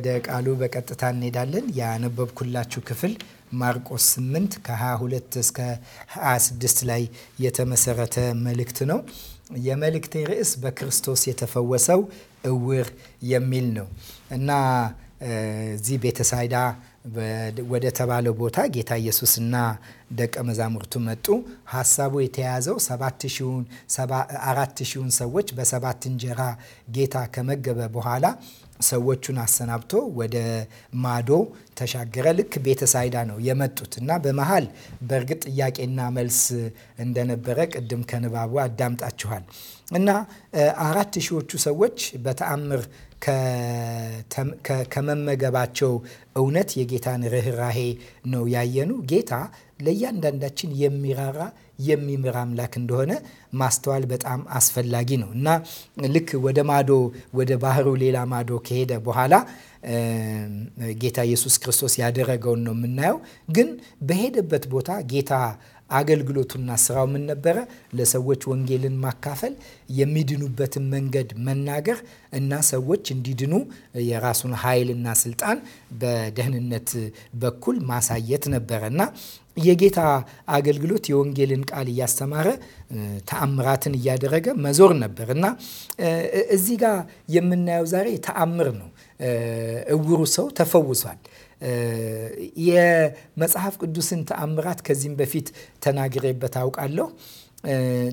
ወደ ቃሉ በቀጥታ እንሄዳለን። ያነበብኩላችሁ ክፍል ማርቆስ 8 ከ22 እስከ 26 ላይ የተመሰረተ መልእክት ነው። የመልእክቴ ርዕስ በክርስቶስ የተፈወሰው እውር የሚል ነው እና እዚህ ቤተሳይዳ ወደ ተባለው ቦታ ጌታ ኢየሱስና ደቀ መዛሙርቱ መጡ። ሀሳቡ የተያዘው አራት ሺውን ሰዎች በሰባት እንጀራ ጌታ ከመገበ በኋላ ሰዎቹን አሰናብቶ ወደ ማዶ ተሻገረ። ልክ ቤተሳይዳ ነው የመጡት እና በመሃል በእርግጥ ጥያቄና መልስ እንደነበረ ቅድም ከንባቡ አዳምጣችኋል። እና አራት ሺዎቹ ሰዎች በተአምር ከመመገባቸው እውነት የጌታን ርኅራሄ ነው ያየኑ። ጌታ ለእያንዳንዳችን የሚራራ የሚምር አምላክ እንደሆነ ማስተዋል በጣም አስፈላጊ ነው እና ልክ ወደ ማዶ ወደ ባህሩ ሌላ ማዶ ከሄደ በኋላ ጌታ ኢየሱስ ክርስቶስ ያደረገውን ነው የምናየው። ግን በሄደበት ቦታ ጌታ አገልግሎቱና ስራው ምን ነበረ? ለሰዎች ወንጌልን ማካፈል፣ የሚድኑበትን መንገድ መናገር እና ሰዎች እንዲድኑ የራሱን ኃይልና ስልጣን በደህንነት በኩል ማሳየት ነበረ እና የጌታ አገልግሎት የወንጌልን ቃል እያስተማረ ተአምራትን እያደረገ መዞር ነበር እና እዚህ ጋር የምናየው ዛሬ ተአምር ነው። እውሩ ሰው ተፈውሷል። የመጽሐፍ ቅዱስን ተአምራት ከዚህም በፊት ተናግሬበት አውቃለሁ።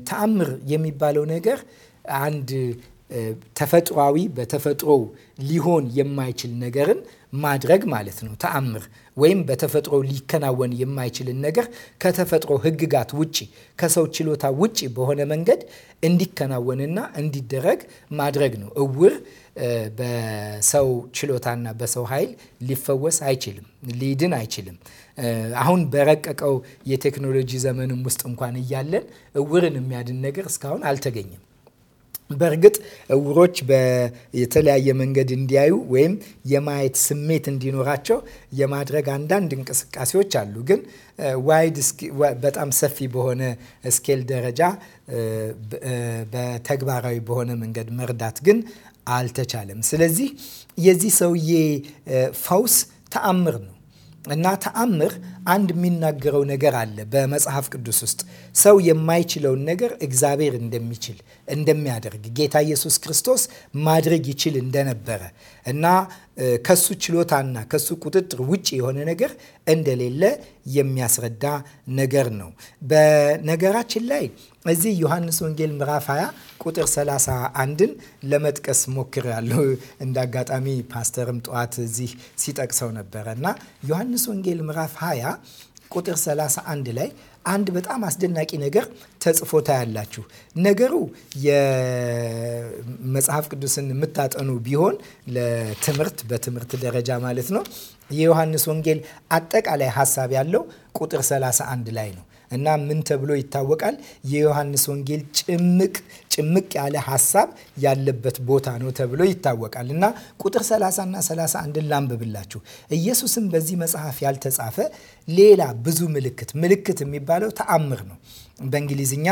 ተአምር የሚባለው ነገር አንድ ተፈጥሯዊ በተፈጥሮ ሊሆን የማይችል ነገርን ማድረግ ማለት ነው። ተአምር ወይም በተፈጥሮ ሊከናወን የማይችልን ነገር ከተፈጥሮ ሕግጋት ውጭ ከሰው ችሎታ ውጭ በሆነ መንገድ እንዲከናወንና እንዲደረግ ማድረግ ነው። እውር በሰው ችሎታና በሰው ኃይል ሊፈወስ አይችልም፣ ሊድን አይችልም። አሁን በረቀቀው የቴክኖሎጂ ዘመንም ውስጥ እንኳን እያለን እውርን የሚያድን ነገር እስካሁን አልተገኘም። በእርግጥ እውሮች የተለያየ መንገድ እንዲያዩ ወይም የማየት ስሜት እንዲኖራቸው የማድረግ አንዳንድ እንቅስቃሴዎች አሉ። ግን ዋይድ በጣም ሰፊ በሆነ ስኬል ደረጃ በተግባራዊ በሆነ መንገድ መርዳት ግን አልተቻለም። ስለዚህ የዚህ ሰውዬ ፈውስ ተአምር ነው እና ተአምር አንድ የሚናገረው ነገር አለ በመጽሐፍ ቅዱስ ውስጥ ሰው የማይችለውን ነገር እግዚአብሔር እንደሚችል እንደሚያደርግ ጌታ ኢየሱስ ክርስቶስ ማድረግ ይችል እንደነበረ እና ከሱ ችሎታና ከሱ ቁጥጥር ውጭ የሆነ ነገር እንደሌለ የሚያስረዳ ነገር ነው። በነገራችን ላይ እዚህ ዮሐንስ ወንጌል ምዕራፍ 20 ቁጥር 31ን ለመጥቀስ ያለው እንደ አጋጣሚ ፓስተርም ጠዋት እዚህ ሲጠቅሰው ነበረ እና ዮሐንስ ወንጌል ምዕራፍ 20 ቁጥር 31 ላይ አንድ በጣም አስደናቂ ነገር ተጽፎ ታያላችሁ። ነገሩ የመጽሐፍ ቅዱስን የምታጠኑ ቢሆን ለትምህርት በትምህርት ደረጃ ማለት ነው የዮሐንስ ወንጌል አጠቃላይ ሀሳብ ያለው ቁጥር 31 ላይ ነው። እና ምን ተብሎ ይታወቃል? የዮሐንስ ወንጌል ጭምቅ ጭምቅ ያለ ሀሳብ ያለበት ቦታ ነው ተብሎ ይታወቃል። እና ቁጥር 30 እና 31 ላንብብላችሁ። ኢየሱስም በዚህ መጽሐፍ ያልተጻፈ ሌላ ብዙ ምልክት ምልክት የሚባለው ተአምር ነው። በእንግሊዝኛ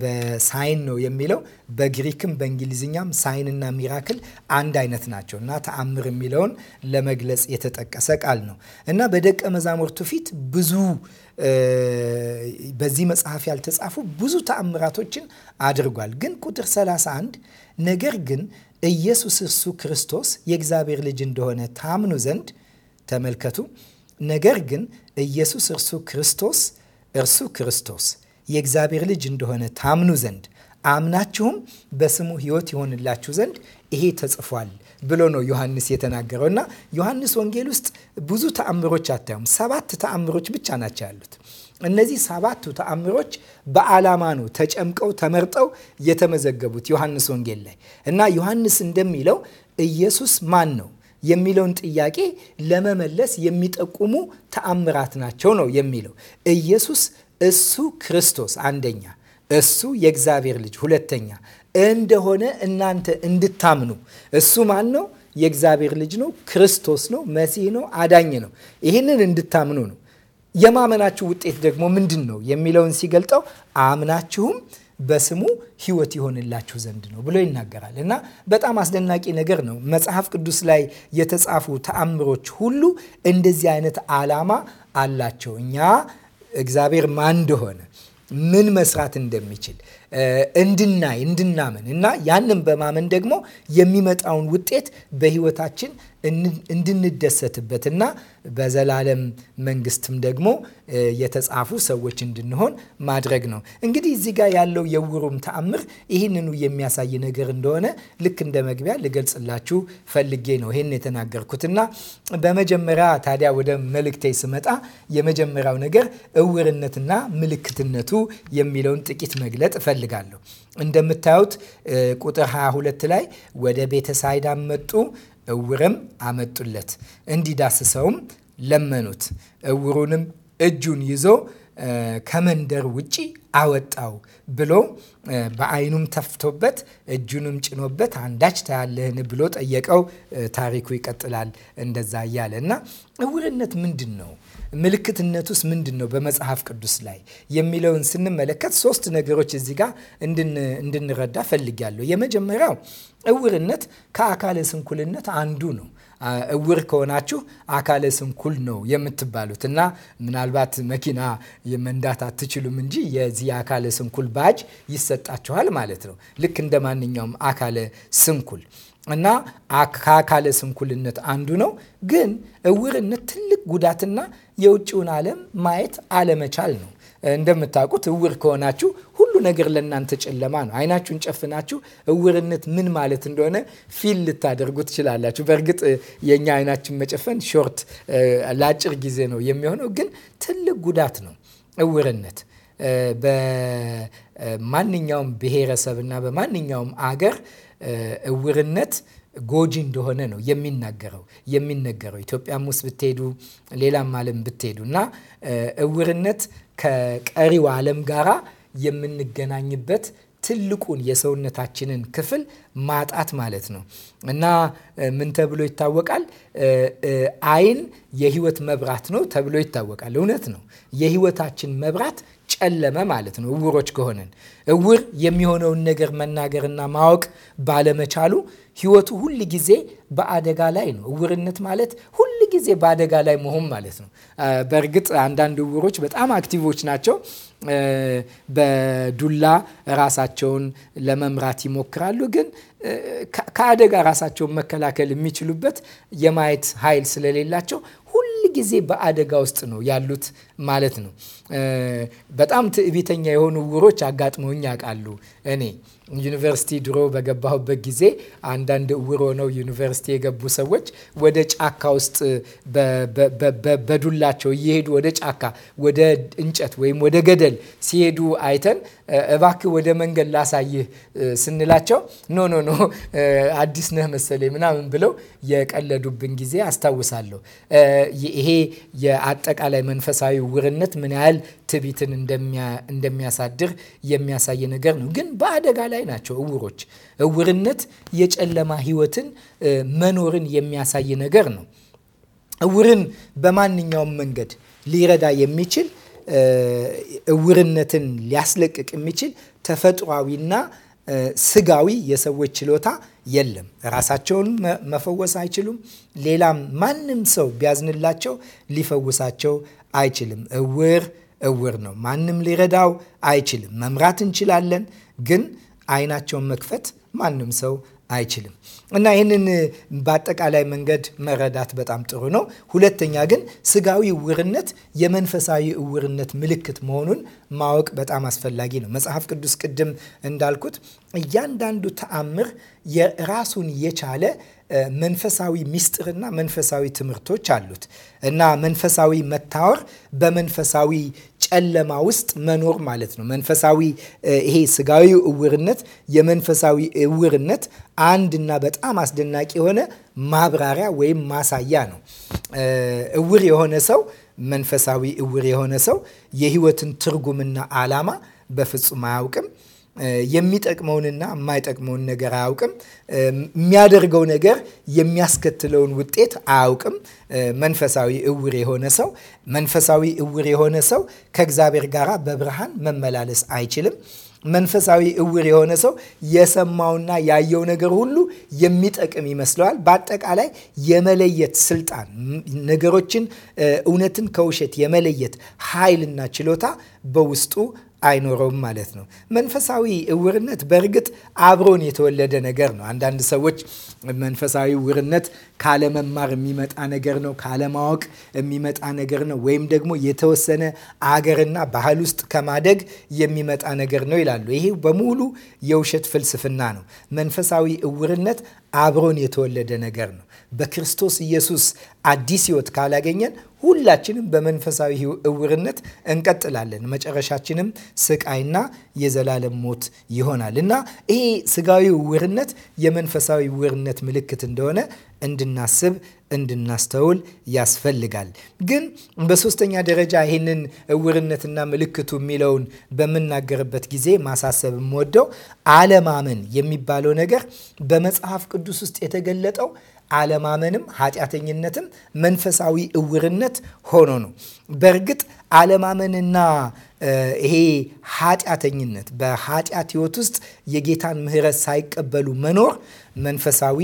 በሳይን ነው የሚለው በግሪክም በእንግሊዝኛም ሳይንና ሚራክል አንድ አይነት ናቸው እና ተአምር የሚለውን ለመግለጽ የተጠቀሰ ቃል ነው እና በደቀ መዛሙርቱ ፊት ብዙ በዚህ መጽሐፍ ያልተጻፉ ብዙ ተአምራቶችን አድርጓል። ግን ቁጥር 31 ነገር ግን ኢየሱስ እርሱ ክርስቶስ የእግዚአብሔር ልጅ እንደሆነ ታምኑ ዘንድ ተመልከቱ። ነገር ግን ኢየሱስ እርሱ ክርስቶስ እርሱ ክርስቶስ የእግዚአብሔር ልጅ እንደሆነ ታምኑ ዘንድ አምናችሁም በስሙ ሕይወት ይሆንላችሁ ዘንድ ይሄ ተጽፏል ብሎ ነው ዮሐንስ የተናገረው እና ዮሐንስ ወንጌል ውስጥ ብዙ ተአምሮች አታዩም። ሰባት ተአምሮች ብቻ ናቸው ያሉት። እነዚህ ሰባቱ ተአምሮች በዓላማ ነው ተጨምቀው ተመርጠው የተመዘገቡት ዮሐንስ ወንጌል ላይ እና ዮሐንስ እንደሚለው ኢየሱስ ማን ነው የሚለውን ጥያቄ ለመመለስ የሚጠቁሙ ተአምራት ናቸው ነው የሚለው። ኢየሱስ እሱ ክርስቶስ አንደኛ፣ እሱ የእግዚአብሔር ልጅ ሁለተኛ፣ እንደሆነ እናንተ እንድታምኑ እሱ ማን ነው? የእግዚአብሔር ልጅ ነው፣ ክርስቶስ ነው፣ መሲህ ነው፣ አዳኝ ነው። ይህንን እንድታምኑ ነው። የማመናችሁ ውጤት ደግሞ ምንድን ነው የሚለውን ሲገልጠው አምናችሁም በስሙ ሕይወት ይሆንላችሁ ዘንድ ነው ብሎ ይናገራል እና በጣም አስደናቂ ነገር ነው። መጽሐፍ ቅዱስ ላይ የተጻፉ ተአምሮች ሁሉ እንደዚህ አይነት ዓላማ አላቸው። እኛ እግዚአብሔር ማን እንደሆነ ምን መስራት እንደሚችል እንድናይ እንድናምን እና ያንን በማመን ደግሞ የሚመጣውን ውጤት በህይወታችን እንድንደሰትበትና በዘላለም መንግስትም ደግሞ የተጻፉ ሰዎች እንድንሆን ማድረግ ነው። እንግዲህ እዚህ ጋር ያለው የውሩም ተአምር ይህንኑ የሚያሳይ ነገር እንደሆነ ልክ እንደ መግቢያ ልገልጽላችሁ ፈልጌ ነው ይህን የተናገርኩትና በመጀመሪያ ታዲያ ወደ መልእክቴ ስመጣ የመጀመሪያው ነገር እውርነትና ምልክትነቱ የሚለውን ጥቂት መግለጥ እፈልጋለሁ። እንደምታዩት ቁጥር 22 ላይ ወደ ቤተሳይዳ መጡ እውርም አመጡለት፣ እንዲዳስሰውም ለመኑት። እውሩንም እጁን ይዞ ከመንደር ውጪ አወጣው ብሎ በዓይኑም ተፍቶበት እጁንም ጭኖበት አንዳች ታያለህን ብሎ ጠየቀው። ታሪኩ ይቀጥላል እንደዛ እያለ እና እውርነት ምንድን ነው? ምልክትነቱስ ምንድን ነው በመጽሐፍ ቅዱስ ላይ የሚለውን ስንመለከት ሶስት ነገሮች እዚህ ጋር እንድንረዳ ፈልጊያለሁ። የመጀመሪያው እውርነት ከአካለ ስንኩልነት አንዱ ነው። እውር ከሆናችሁ አካለ ስንኩል ነው የምትባሉት እና ምናልባት መኪና መንዳት አትችሉም እንጂ የዚህ አካለ ስንኩል ባጅ ይሰጣችኋል ማለት ነው ልክ እንደ ማንኛውም አካለ ስንኩል እና ከአካለ ስንኩልነት አንዱ ነው። ግን እውርነት ትልቅ ጉዳትና የውጭውን ዓለም ማየት አለመቻል ነው። እንደምታውቁት እውር ከሆናችሁ ሁሉ ነገር ለእናንተ ጨለማ ነው። አይናችሁን ጨፍናችሁ እውርነት ምን ማለት እንደሆነ ፊል ልታደርጉ ትችላላችሁ። በእርግጥ የእኛ አይናችን መጨፈን ሾርት ለአጭር ጊዜ ነው የሚሆነው፣ ግን ትልቅ ጉዳት ነው እውርነት በማንኛውም እና በማንኛውም አገር እውርነት ጎጂ እንደሆነ ነው የሚናገረው የሚነገረው ኢትዮጵያም ውስጥ ብትሄዱ ሌላም ዓለም ብትሄዱ እና እውርነት ከቀሪው ዓለም ጋራ የምንገናኝበት ትልቁን የሰውነታችንን ክፍል ማጣት ማለት ነው እና ምን ተብሎ ይታወቃል? አይን የህይወት መብራት ነው ተብሎ ይታወቃል። እውነት ነው። የህይወታችን መብራት ጨለመ ማለት ነው። እውሮች ከሆነን እውር የሚሆነውን ነገር መናገርና ማወቅ ባለመቻሉ ህይወቱ ሁል ጊዜ በአደጋ ላይ ነው። እውርነት ማለት ሁል ጊዜ በአደጋ ላይ መሆን ማለት ነው። በእርግጥ አንዳንድ እውሮች በጣም አክቲቮች ናቸው። በዱላ ራሳቸውን ለመምራት ይሞክራሉ። ግን ከአደጋ ራሳቸውን መከላከል የሚችሉበት የማየት ኃይል ስለሌላቸው ሁል ጊዜ በአደጋ ውስጥ ነው ያሉት ማለት ነው። በጣም ትዕቢተኛ የሆኑ እውሮች አጋጥመውኝ ያውቃሉ። እኔ ዩኒቨርሲቲ ድሮ በገባሁበት ጊዜ አንዳንድ እውር ሆነው ዩኒቨርሲቲ የገቡ ሰዎች ወደ ጫካ ውስጥ በዱላቸው እየሄዱ ወደ ጫካ፣ ወደ እንጨት ወይም ወደ ገደል ሲሄዱ አይተን እባክህ ወደ መንገድ ላሳይህ ስንላቸው ኖ ኖ ኖ አዲስ ነህ መሰለኝ ምናምን ብለው የቀለዱብን ጊዜ አስታውሳለሁ። ይሄ የአጠቃላይ መንፈሳዊ እውርነት ምን ያህል ትቢትን እንደሚያሳድር የሚያሳይ ነገር ነው። ግን በአደጋ ላይ ናቸው እውሮች። እውርነት የጨለማ ህይወትን መኖርን የሚያሳይ ነገር ነው። እውርን በማንኛውም መንገድ ሊረዳ የሚችል እውርነትን ሊያስለቅቅ የሚችል ተፈጥሯዊና ስጋዊ የሰዎች ችሎታ የለም። ራሳቸውን መፈወስ አይችሉም። ሌላም ማንም ሰው ቢያዝንላቸው ሊፈውሳቸው አይችልም። እውር እውር ነው። ማንም ሊረዳው አይችልም። መምራት እንችላለን፣ ግን አይናቸውን መክፈት ማንም ሰው አይችልም እና ይህንን በአጠቃላይ መንገድ መረዳት በጣም ጥሩ ነው። ሁለተኛ ግን ስጋዊ እውርነት የመንፈሳዊ እውርነት ምልክት መሆኑን ማወቅ በጣም አስፈላጊ ነው። መጽሐፍ ቅዱስ ቅድም እንዳልኩት እያንዳንዱ ተአምር የራሱን የቻለ መንፈሳዊ ሚስጥርና መንፈሳዊ ትምህርቶች አሉት እና መንፈሳዊ መታወር በመንፈሳዊ ጨለማ ውስጥ መኖር ማለት ነው። መንፈሳዊ ይሄ ስጋዊ እውርነት የመንፈሳዊ እውርነት አንድና በጣም አስደናቂ የሆነ ማብራሪያ ወይም ማሳያ ነው። እውር የሆነ ሰው መንፈሳዊ እውር የሆነ ሰው የህይወትን ትርጉምና ዓላማ በፍጹም አያውቅም። የሚጠቅመውንና የማይጠቅመውን ነገር አያውቅም። የሚያደርገው ነገር የሚያስከትለውን ውጤት አያውቅም። መንፈሳዊ እውር የሆነ ሰው መንፈሳዊ እውር የሆነ ሰው ከእግዚአብሔር ጋር በብርሃን መመላለስ አይችልም። መንፈሳዊ እውር የሆነ ሰው የሰማውና ያየው ነገር ሁሉ የሚጠቅም ይመስለዋል። በአጠቃላይ የመለየት ስልጣን፣ ነገሮችን እውነትን ከውሸት የመለየት ኃይልና ችሎታ በውስጡ አይኖረውም ማለት ነው። መንፈሳዊ እውርነት በእርግጥ አብሮን የተወለደ ነገር ነው። አንዳንድ ሰዎች መንፈሳዊ እውርነት ካለመማር የሚመጣ ነገር ነው፣ ካለማወቅ የሚመጣ ነገር ነው፣ ወይም ደግሞ የተወሰነ አገርና ባህል ውስጥ ከማደግ የሚመጣ ነገር ነው ይላሉ። ይሄ በሙሉ የውሸት ፍልስፍና ነው። መንፈሳዊ እውርነት አብሮን የተወለደ ነገር ነው። በክርስቶስ ኢየሱስ አዲስ ህይወት ካላገኘን ሁላችንም በመንፈሳዊ እውርነት እንቀጥላለን። መጨረሻችንም ስቃይና የዘላለም ሞት ይሆናል እና ይሄ ስጋዊ እውርነት የመንፈሳዊ እውርነት ምልክት እንደሆነ እንድናስብ እንድናስተውል ያስፈልጋል። ግን በሶስተኛ ደረጃ ይህንን እውርነትና ምልክቱ የሚለውን በምናገርበት ጊዜ ማሳሰብ የምወደው አለማመን የሚባለው ነገር በመጽሐፍ ቅዱስ ውስጥ የተገለጠው አለማመንም ኃጢአተኝነትም መንፈሳዊ እውርነት ሆኖ ነው። በእርግጥ አለማመንና ይሄ ኃጢአተኝነት በኃጢአት ህይወት ውስጥ የጌታን ምህረት ሳይቀበሉ መኖር መንፈሳዊ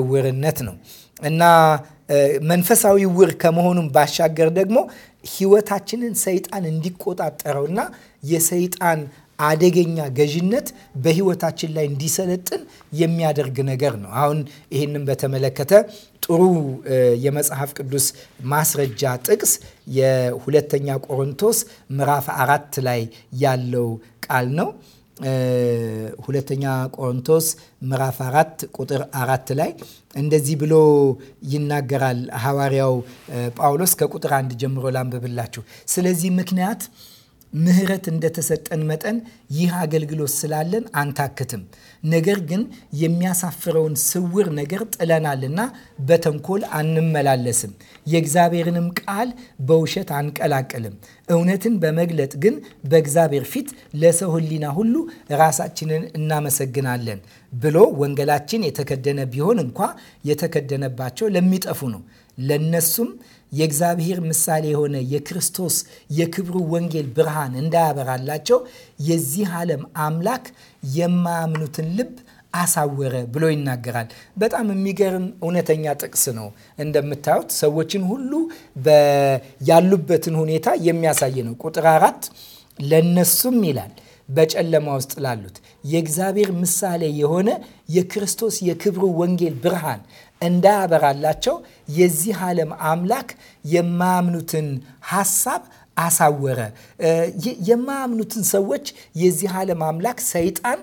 እውርነት ነው እና መንፈሳዊ ውር ከመሆኑም ባሻገር ደግሞ ህይወታችንን ሰይጣን እንዲቆጣጠረውና የሰይጣን አደገኛ ገዥነት በህይወታችን ላይ እንዲሰለጥን የሚያደርግ ነገር ነው። አሁን ይህንም በተመለከተ ጥሩ የመጽሐፍ ቅዱስ ማስረጃ ጥቅስ የሁለተኛ ቆሮንቶስ ምዕራፍ አራት ላይ ያለው ቃል ነው። ሁለተኛ ቆሮንቶስ ምዕራፍ አራት ቁጥር አራት ላይ እንደዚህ ብሎ ይናገራል ሐዋርያው ጳውሎስ። ከቁጥር አንድ ጀምሮ ላንብብላችሁ። ስለዚህ ምክንያት ምሕረት እንደተሰጠን መጠን ይህ አገልግሎት ስላለን አንታክትም። ነገር ግን የሚያሳፍረውን ስውር ነገር ጥለናልና በተንኮል አንመላለስም። የእግዚአብሔርንም ቃል በውሸት አንቀላቅልም። እውነትን በመግለጥ ግን በእግዚአብሔር ፊት ለሰው ሕሊና ሁሉ ራሳችንን እናመሰግናለን ብሎ ወንጌላችን የተከደነ ቢሆን እንኳ የተከደነባቸው ለሚጠፉ ነው ለነሱም የእግዚአብሔር ምሳሌ የሆነ የክርስቶስ የክብሩ ወንጌል ብርሃን እንዳያበራላቸው የዚህ ዓለም አምላክ የማያምኑትን ልብ አሳወረ ብሎ ይናገራል። በጣም የሚገርም እውነተኛ ጥቅስ ነው። እንደምታዩት ሰዎችን ሁሉ ያሉበትን ሁኔታ የሚያሳይ ነው። ቁጥር አራት ለነሱም ይላል በጨለማ ውስጥ ላሉት የእግዚአብሔር ምሳሌ የሆነ የክርስቶስ የክብሩ ወንጌል ብርሃን እንዳያበራላቸው የዚህ ዓለም አምላክ የማያምኑትን ሀሳብ አሳወረ። የማያምኑትን ሰዎች የዚህ ዓለም አምላክ ሰይጣን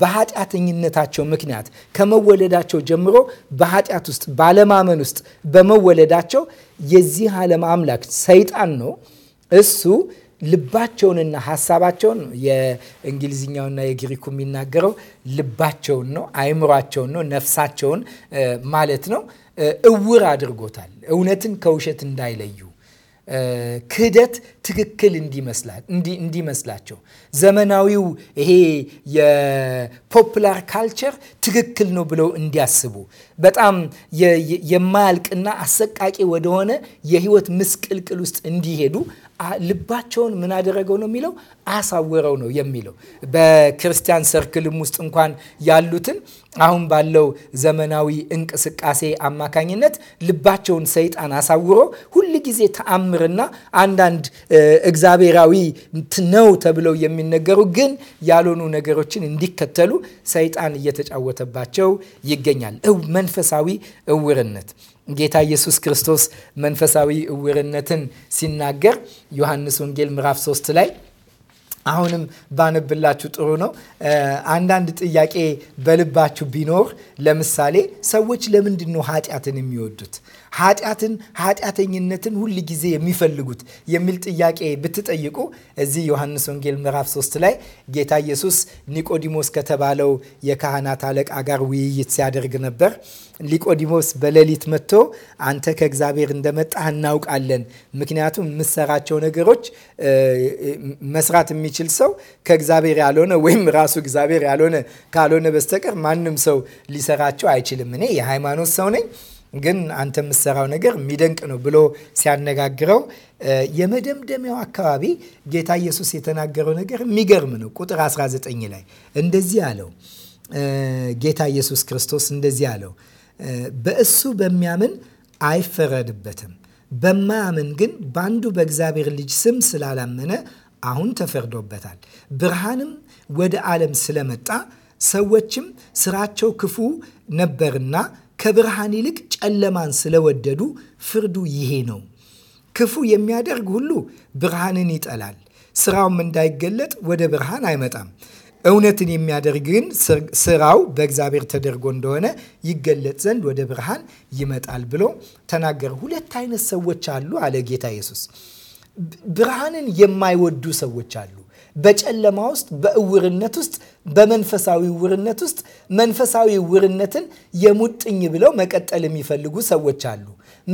በኃጢአተኝነታቸው ምክንያት ከመወለዳቸው ጀምሮ በኃጢአት ውስጥ ባለማመን ውስጥ በመወለዳቸው የዚህ ዓለም አምላክ ሰይጣን ነው እሱ ልባቸውንና ሀሳባቸውን የእንግሊዝኛውና የግሪኩ የሚናገረው ልባቸውን ነው፣ አይምሯቸውን ነው፣ ነፍሳቸውን ማለት ነው። እውር አድርጎታል። እውነትን ከውሸት እንዳይለዩ ክህደት ትክክል እንዲመስላቸው ዘመናዊው ይሄ የፖፕላር ካልቸር ትክክል ነው ብለው እንዲያስቡ በጣም የማያልቅና አሰቃቂ ወደሆነ የህይወት ምስቅልቅል ውስጥ እንዲሄዱ ልባቸውን ምን አደረገው ነው የሚለው አሳወረው ነው የሚለው። በክርስቲያን ሰርክልም ውስጥ እንኳን ያሉትን አሁን ባለው ዘመናዊ እንቅስቃሴ አማካኝነት ልባቸውን ሰይጣን አሳውሮ ጊዜ ተአምርና አንዳንድ እግዚአብሔራዊ ነው ተብለው የሚነገሩ ግን ያልሆኑ ነገሮችን እንዲከተሉ ሰይጣን እየተጫወተ እየተጫወተባቸው ይገኛል። መንፈሳዊ እውርነት ጌታ ኢየሱስ ክርስቶስ መንፈሳዊ እውርነትን ሲናገር ዮሐንስ ወንጌል ምዕራፍ 3 ላይ አሁንም ባነብላችሁ ጥሩ ነው። አንዳንድ ጥያቄ በልባችሁ ቢኖር ለምሳሌ ሰዎች ለምንድን ነው ኃጢአትን የሚወዱት? ኃጢአትን፣ ኃጢአተኝነትን ሁል ጊዜ የሚፈልጉት የሚል ጥያቄ ብትጠይቁ እዚህ ዮሐንስ ወንጌል ምዕራፍ 3 ላይ ጌታ ኢየሱስ ኒቆዲሞስ ከተባለው የካህናት አለቃ ጋር ውይይት ሲያደርግ ነበር። ኒቆዲሞስ በሌሊት መጥቶ አንተ ከእግዚአብሔር እንደመጣህ እናውቃለን፣ ምክንያቱም የምትሰራቸው ነገሮች መስራት የሚችል ሰው ከእግዚአብሔር ያልሆነ ወይም ራሱ እግዚአብሔር ያልሆነ ካልሆነ በስተቀር ማንም ሰው ሊሰራቸው አይችልም። እኔ የሃይማኖት ሰው ነኝ ግን አንተ የምትሰራው ነገር የሚደንቅ ነው ብሎ ሲያነጋግረው የመደምደሚያው አካባቢ ጌታ ኢየሱስ የተናገረው ነገር የሚገርም ነው። ቁጥር 19 ላይ እንደዚህ አለው ጌታ ኢየሱስ ክርስቶስ እንደዚህ አለው፣ በእሱ በሚያምን አይፈረድበትም፣ በማያምን ግን በአንዱ በእግዚአብሔር ልጅ ስም ስላላመነ አሁን ተፈርዶበታል። ብርሃንም ወደ ዓለም ስለመጣ ሰዎችም ስራቸው ክፉ ነበርና ከብርሃን ይልቅ ጨለማን ስለወደዱ ፍርዱ ይሄ ነው። ክፉ የሚያደርግ ሁሉ ብርሃንን ይጠላል፣ ስራውም እንዳይገለጥ ወደ ብርሃን አይመጣም። እውነትን የሚያደርግ ግን ስራው በእግዚአብሔር ተደርጎ እንደሆነ ይገለጥ ዘንድ ወደ ብርሃን ይመጣል ብሎ ተናገረ። ሁለት አይነት ሰዎች አሉ አለ ጌታ ኢየሱስ። ብርሃንን የማይወዱ ሰዎች አሉ። በጨለማ ውስጥ በእውርነት ውስጥ በመንፈሳዊ ውርነት ውስጥ መንፈሳዊ ውርነትን የሙጥኝ ብለው መቀጠል የሚፈልጉ ሰዎች አሉ።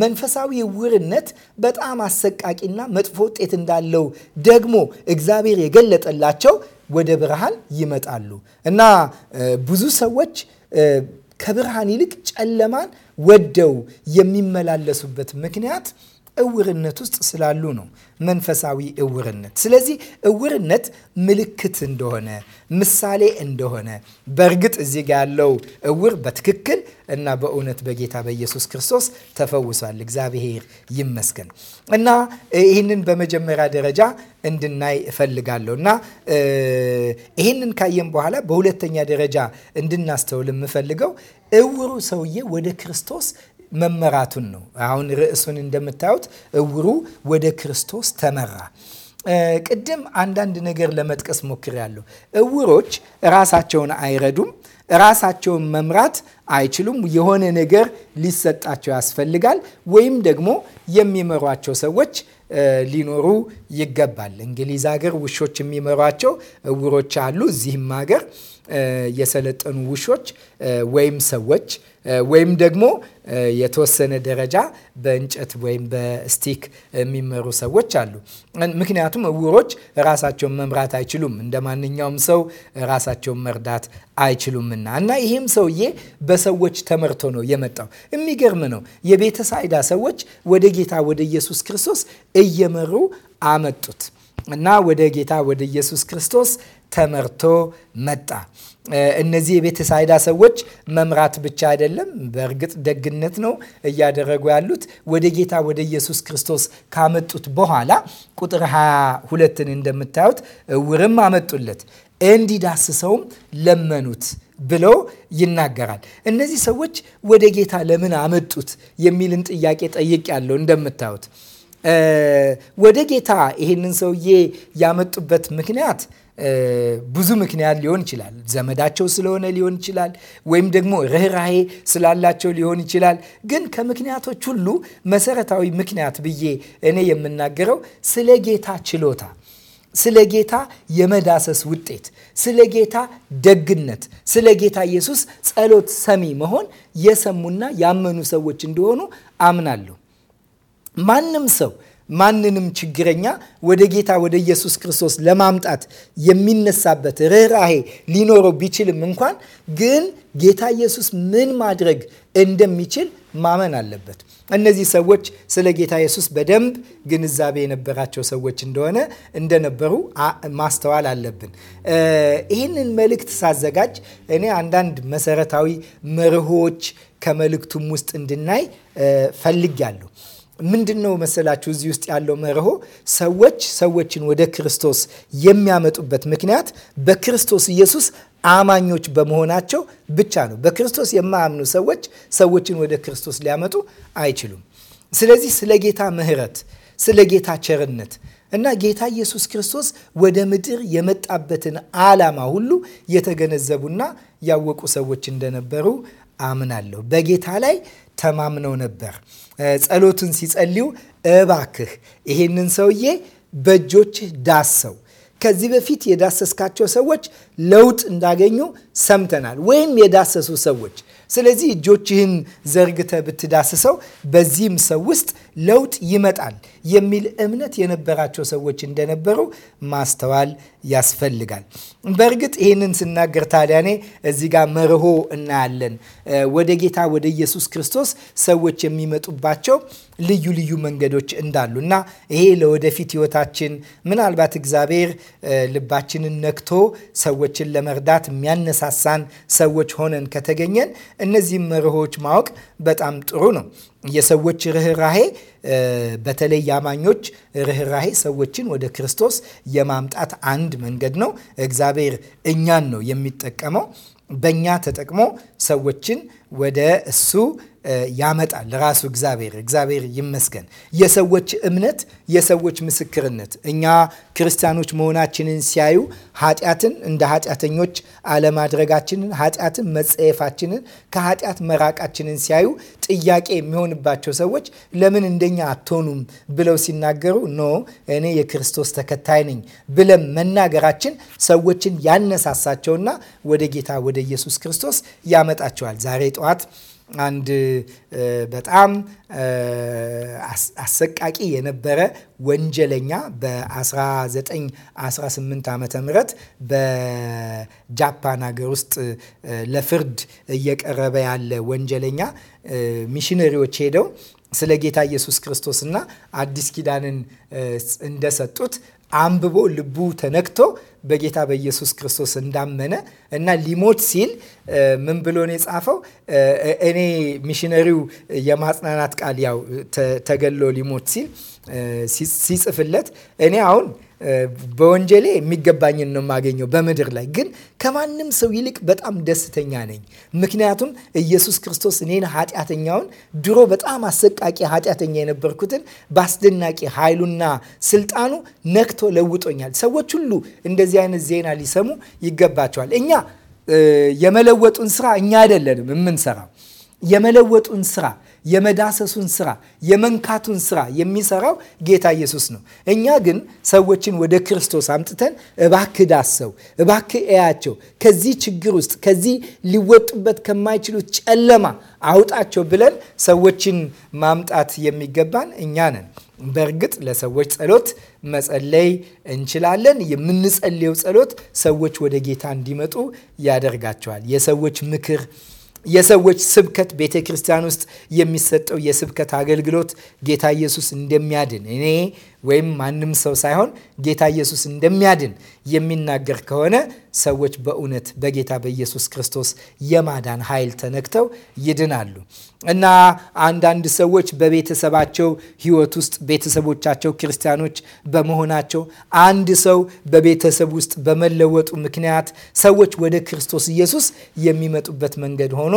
መንፈሳዊ ውርነት በጣም አሰቃቂና መጥፎ ውጤት እንዳለው ደግሞ እግዚአብሔር የገለጠላቸው ወደ ብርሃን ይመጣሉ እና ብዙ ሰዎች ከብርሃን ይልቅ ጨለማን ወደው የሚመላለሱበት ምክንያት እውርነት ውስጥ ስላሉ ነው። መንፈሳዊ እውርነት። ስለዚህ እውርነት ምልክት እንደሆነ ምሳሌ እንደሆነ በእርግጥ እዚህ ጋ ያለው እውር በትክክል እና በእውነት በጌታ በኢየሱስ ክርስቶስ ተፈውሷል። እግዚአብሔር ይመስገን እና ይህንን በመጀመሪያ ደረጃ እንድናይ እፈልጋለሁ እና ይህንን ካየን በኋላ በሁለተኛ ደረጃ እንድናስተውል የምፈልገው እውሩ ሰውዬ ወደ ክርስቶስ መመራቱን ነው። አሁን ርዕሱን እንደምታዩት እውሩ ወደ ክርስቶስ ተመራ። ቅድም አንዳንድ ነገር ለመጥቀስ ሞክሬያለሁ። እውሮች ራሳቸውን አይረዱም። ራሳቸውን መምራት አይችሉም። የሆነ ነገር ሊሰጣቸው ያስፈልጋል፣ ወይም ደግሞ የሚመሯቸው ሰዎች ሊኖሩ ይገባል። እንግሊዝ ሀገር ውሾች የሚመሯቸው እውሮች አሉ። እዚህም ሀገር የሰለጠኑ ውሾች ወይም ሰዎች ወይም ደግሞ የተወሰነ ደረጃ በእንጨት ወይም በስቲክ የሚመሩ ሰዎች አሉ። ምክንያቱም እውሮች ራሳቸውን መምራት አይችሉም፣ እንደ ማንኛውም ሰው ራሳቸውን መርዳት አይችሉምና እና ይህም ሰውዬ በሰዎች ተመርቶ ነው የመጣው። የሚገርም ነው። የቤተሳይዳ ሰዎች ወደ ጌታ ወደ ኢየሱስ ክርስቶስ እየመሩ አመጡት እና ወደ ጌታ ወደ ኢየሱስ ክርስቶስ ተመርቶ መጣ። እነዚህ የቤተሳይዳ ሰዎች መምራት ብቻ አይደለም፣ በእርግጥ ደግነት ነው እያደረጉ ያሉት። ወደ ጌታ ወደ ኢየሱስ ክርስቶስ ካመጡት በኋላ ቁጥር 22ን እንደምታዩት እውርም አመጡለት እንዲዳስሰውም ለመኑት ብሎ ይናገራል። እነዚህ ሰዎች ወደ ጌታ ለምን አመጡት የሚልን ጥያቄ ጠይቅ ያለው እንደምታዩት ወደ ጌታ ይህንን ሰውዬ ያመጡበት ምክንያት ብዙ ምክንያት ሊሆን ይችላል። ዘመዳቸው ስለሆነ ሊሆን ይችላል፣ ወይም ደግሞ ርኅራሄ ስላላቸው ሊሆን ይችላል። ግን ከምክንያቶች ሁሉ መሰረታዊ ምክንያት ብዬ እኔ የምናገረው ስለ ጌታ ችሎታ፣ ስለ ጌታ የመዳሰስ ውጤት፣ ስለ ጌታ ደግነት፣ ስለ ጌታ ኢየሱስ ጸሎት ሰሚ መሆን የሰሙና ያመኑ ሰዎች እንደሆኑ አምናለሁ። ማንም ሰው ማንንም ችግረኛ ወደ ጌታ ወደ ኢየሱስ ክርስቶስ ለማምጣት የሚነሳበት ርኅራሄ ሊኖረው ቢችልም እንኳን ግን ጌታ ኢየሱስ ምን ማድረግ እንደሚችል ማመን አለበት። እነዚህ ሰዎች ስለ ጌታ ኢየሱስ በደንብ ግንዛቤ የነበራቸው ሰዎች እንደሆነ እንደነበሩ ማስተዋል አለብን። ይህንን መልእክት ሳዘጋጅ እኔ አንዳንድ መሰረታዊ መርሆች ከመልእክቱም ውስጥ እንድናይ ፈልጌያለሁ። ምንድን ነው መሰላችሁ እዚህ ውስጥ ያለው መርሆ ሰዎች ሰዎችን ወደ ክርስቶስ የሚያመጡበት ምክንያት በክርስቶስ ኢየሱስ አማኞች በመሆናቸው ብቻ ነው። በክርስቶስ የማያምኑ ሰዎች ሰዎችን ወደ ክርስቶስ ሊያመጡ አይችሉም። ስለዚህ ስለ ጌታ ምሕረት፣ ስለ ጌታ ቸርነት እና ጌታ ኢየሱስ ክርስቶስ ወደ ምድር የመጣበትን ዓላማ ሁሉ የተገነዘቡና ያወቁ ሰዎች እንደነበሩ አምናለሁ። በጌታ ላይ ተማምነው ነበር። ጸሎቱን ሲጸልዩ እባክህ ይሄንን ሰውዬ በእጆችህ ዳሰው፣ ከዚህ በፊት የዳሰስካቸው ሰዎች ለውጥ እንዳገኙ ሰምተናል፣ ወይም የዳሰሱ ሰዎች ስለዚህ እጆችህን ዘርግተ ብትዳስሰው በዚህም ሰው ውስጥ ለውጥ ይመጣል የሚል እምነት የነበራቸው ሰዎች እንደነበሩ ማስተዋል ያስፈልጋል። በእርግጥ ይህንን ስናገር ታዲያ እኔ እዚህ ጋር መርሆ እናያለን። ወደ ጌታ ወደ ኢየሱስ ክርስቶስ ሰዎች የሚመጡባቸው ልዩ ልዩ መንገዶች እንዳሉ እና ይሄ ለወደፊት ህይወታችን ምናልባት እግዚአብሔር ልባችንን ነክቶ ሰዎችን ለመርዳት የሚያነሳሳን ሰዎች ሆነን ከተገኘን እነዚህም መርሆች ማወቅ በጣም ጥሩ ነው። የሰዎች ርኅራሄ በተለይ የአማኞች ርኅራሄ ሰዎችን ወደ ክርስቶስ የማምጣት አንድ መንገድ ነው። እግዚአብሔር እኛን ነው የሚጠቀመው። በእኛ ተጠቅሞ ሰዎችን ወደ እሱ ያመጣል ራሱ እግዚአብሔር። እግዚአብሔር ይመስገን። የሰዎች እምነት፣ የሰዎች ምስክርነት እኛ ክርስቲያኖች መሆናችንን ሲያዩ ኃጢአትን እንደ ኃጢአተኞች አለማድረጋችንን፣ ኃጢአትን መጸየፋችንን፣ ከኃጢአት መራቃችንን ሲያዩ ጥያቄ የሚሆንባቸው ሰዎች ለምን እንደኛ አትሆኑም ብለው ሲናገሩ ኖ እኔ የክርስቶስ ተከታይ ነኝ ብለን መናገራችን ሰዎችን ያነሳሳቸውና ወደ ጌታ ወደ ኢየሱስ ክርስቶስ ያመጣቸዋል። ዛሬ ጠዋት አንድ በጣም አሰቃቂ የነበረ ወንጀለኛ በ1918 ዓመተ ምህረት በጃፓን ሀገር ውስጥ ለፍርድ እየቀረበ ያለ ወንጀለኛ ሚሽነሪዎች ሄደው ስለ ጌታ ኢየሱስ ክርስቶስና አዲስ ኪዳንን እንደሰጡት አንብቦ ልቡ ተነክቶ በጌታ በኢየሱስ ክርስቶስ እንዳመነ እና ሊሞት ሲል ምን ብሎ ነው የጻፈው? እኔ ሚሽነሪው የማጽናናት ቃል ያው ተገሎ ሊሞት ሲል ሲጽፍለት እኔ አሁን በወንጀሌ የሚገባኝን ነው የማገኘው በምድር ላይ ግን ከማንም ሰው ይልቅ በጣም ደስተኛ ነኝ። ምክንያቱም ኢየሱስ ክርስቶስ እኔን ኃጢአተኛውን ድሮ በጣም አሰቃቂ ኃጢአተኛ የነበርኩትን በአስደናቂ ኃይሉና ስልጣኑ ነክቶ ለውጦኛል። ሰዎች ሁሉ እንደዚህ አይነት ዜና ሊሰሙ ይገባቸዋል። እኛ የመለወጡን ስራ እኛ አይደለንም የምንሰራው የመለወጡን ስራ የመዳሰሱን ስራ የመንካቱን ስራ የሚሰራው ጌታ ኢየሱስ ነው። እኛ ግን ሰዎችን ወደ ክርስቶስ አምጥተን እባክ ዳሰው፣ እባክ እያቸው፣ ከዚህ ችግር ውስጥ ከዚህ ሊወጡበት ከማይችሉት ጨለማ አውጣቸው ብለን ሰዎችን ማምጣት የሚገባን እኛ ነን። በእርግጥ ለሰዎች ጸሎት መጸለይ እንችላለን። የምንጸልየው ጸሎት ሰዎች ወደ ጌታ እንዲመጡ ያደርጋቸዋል። የሰዎች ምክር የሰዎች ስብከት ቤተ ክርስቲያን ውስጥ የሚሰጠው የስብከት አገልግሎት ጌታ ኢየሱስ እንደሚያድን እኔ ወይም ማንም ሰው ሳይሆን ጌታ ኢየሱስ እንደሚያድን የሚናገር ከሆነ ሰዎች በእውነት በጌታ በኢየሱስ ክርስቶስ የማዳን ኃይል ተነክተው ይድናሉ እና አንዳንድ ሰዎች በቤተሰባቸው ሕይወት ውስጥ ቤተሰቦቻቸው ክርስቲያኖች በመሆናቸው አንድ ሰው በቤተሰብ ውስጥ በመለወጡ ምክንያት ሰዎች ወደ ክርስቶስ ኢየሱስ የሚመጡበት መንገድ ሆኖ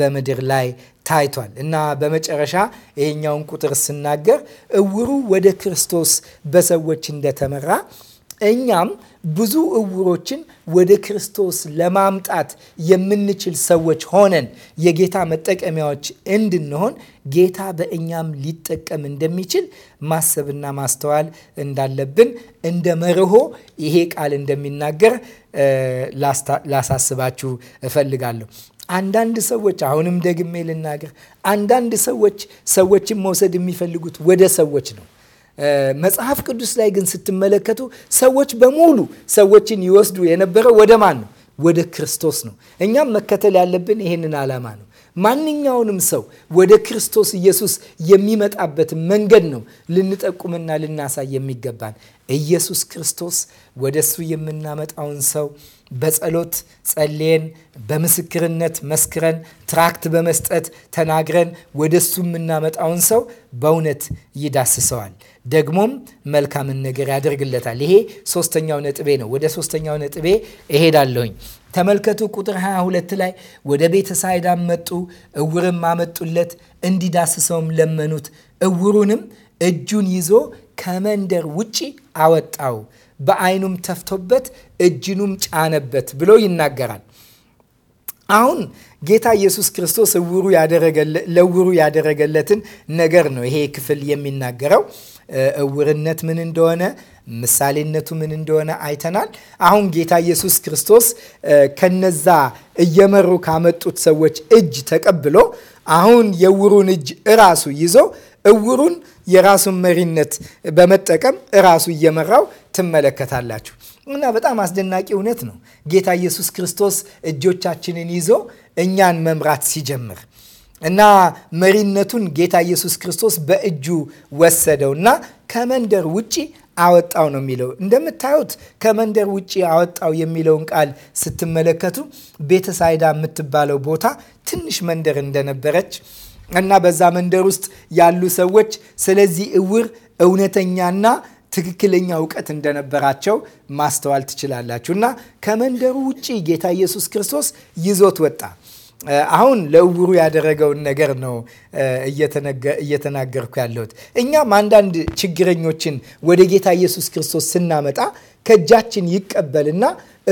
በምድር ላይ ታይቷል እና በመጨረሻ ይሄኛውን ቁጥር ስናገር እውሩ ወደ ክርስቶስ በሰዎች እንደተመራ እኛም ብዙ እውሮችን ወደ ክርስቶስ ለማምጣት የምንችል ሰዎች ሆነን የጌታ መጠቀሚያዎች እንድንሆን ጌታ በእኛም ሊጠቀም እንደሚችል ማሰብና ማስተዋል እንዳለብን እንደ መርሆ ይሄ ቃል እንደሚናገር ላሳስባችሁ እፈልጋለሁ። አንዳንድ ሰዎች አሁንም ደግሜ ልናገር፣ አንዳንድ ሰዎች ሰዎችን መውሰድ የሚፈልጉት ወደ ሰዎች ነው። መጽሐፍ ቅዱስ ላይ ግን ስትመለከቱ ሰዎች በሙሉ ሰዎችን ይወስዱ የነበረው ወደ ማን ነው? ወደ ክርስቶስ ነው። እኛም መከተል ያለብን ይህንን ዓላማ ነው። ማንኛውንም ሰው ወደ ክርስቶስ ኢየሱስ የሚመጣበትን መንገድ ነው ልንጠቁምና ልናሳይ የሚገባን ኢየሱስ ክርስቶስ ወደ እሱ የምናመጣውን ሰው በጸሎት ጸልየን በምስክርነት መስክረን ትራክት በመስጠት ተናግረን ወደሱ የምናመጣውን ሰው በእውነት ይዳስሰዋል፣ ደግሞም መልካምን ነገር ያደርግለታል። ይሄ ሶስተኛው ነጥቤ ነው። ወደ ሶስተኛው ነጥቤ እሄዳለሁኝ። ተመልከቱ ቁጥር 22 ላይ ወደ ቤተ ሳይዳም መጡ፣ እውርም አመጡለት፣ እንዲዳስሰውም ለመኑት። እውሩንም እጁን ይዞ ከመንደር ውጪ አወጣው በአይኑም ተፍቶበት እጅኑም ጫነበት ብሎ ይናገራል። አሁን ጌታ ኢየሱስ ክርስቶስ ለውሩ ያደረገለትን ነገር ነው ይሄ ክፍል የሚናገረው። እውርነት ምን እንደሆነ ምሳሌነቱ ምን እንደሆነ አይተናል። አሁን ጌታ ኢየሱስ ክርስቶስ ከነዛ እየመሩ ካመጡት ሰዎች እጅ ተቀብሎ አሁን የውሩን እጅ እራሱ ይዞ እውሩን የራሱን መሪነት በመጠቀም እራሱ እየመራው ትመለከታላችሁ እና በጣም አስደናቂ እውነት ነው። ጌታ ኢየሱስ ክርስቶስ እጆቻችንን ይዞ እኛን መምራት ሲጀምር እና መሪነቱን ጌታ ኢየሱስ ክርስቶስ በእጁ ወሰደው እና ከመንደር ውጪ አወጣው ነው የሚለው። እንደምታዩት ከመንደር ውጪ አወጣው የሚለውን ቃል ስትመለከቱ ቤተሳይዳ የምትባለው ቦታ ትንሽ መንደር እንደነበረች እና በዛ መንደር ውስጥ ያሉ ሰዎች ስለዚህ እውር እውነተኛና ትክክለኛ እውቀት እንደነበራቸው ማስተዋል ትችላላችሁ። እና ከመንደሩ ውጭ ጌታ ኢየሱስ ክርስቶስ ይዞት ወጣ። አሁን ለእውሩ ያደረገውን ነገር ነው እየተናገርኩ ያለሁት። እኛም አንዳንድ ችግረኞችን ወደ ጌታ ኢየሱስ ክርስቶስ ስናመጣ ከእጃችን ይቀበልና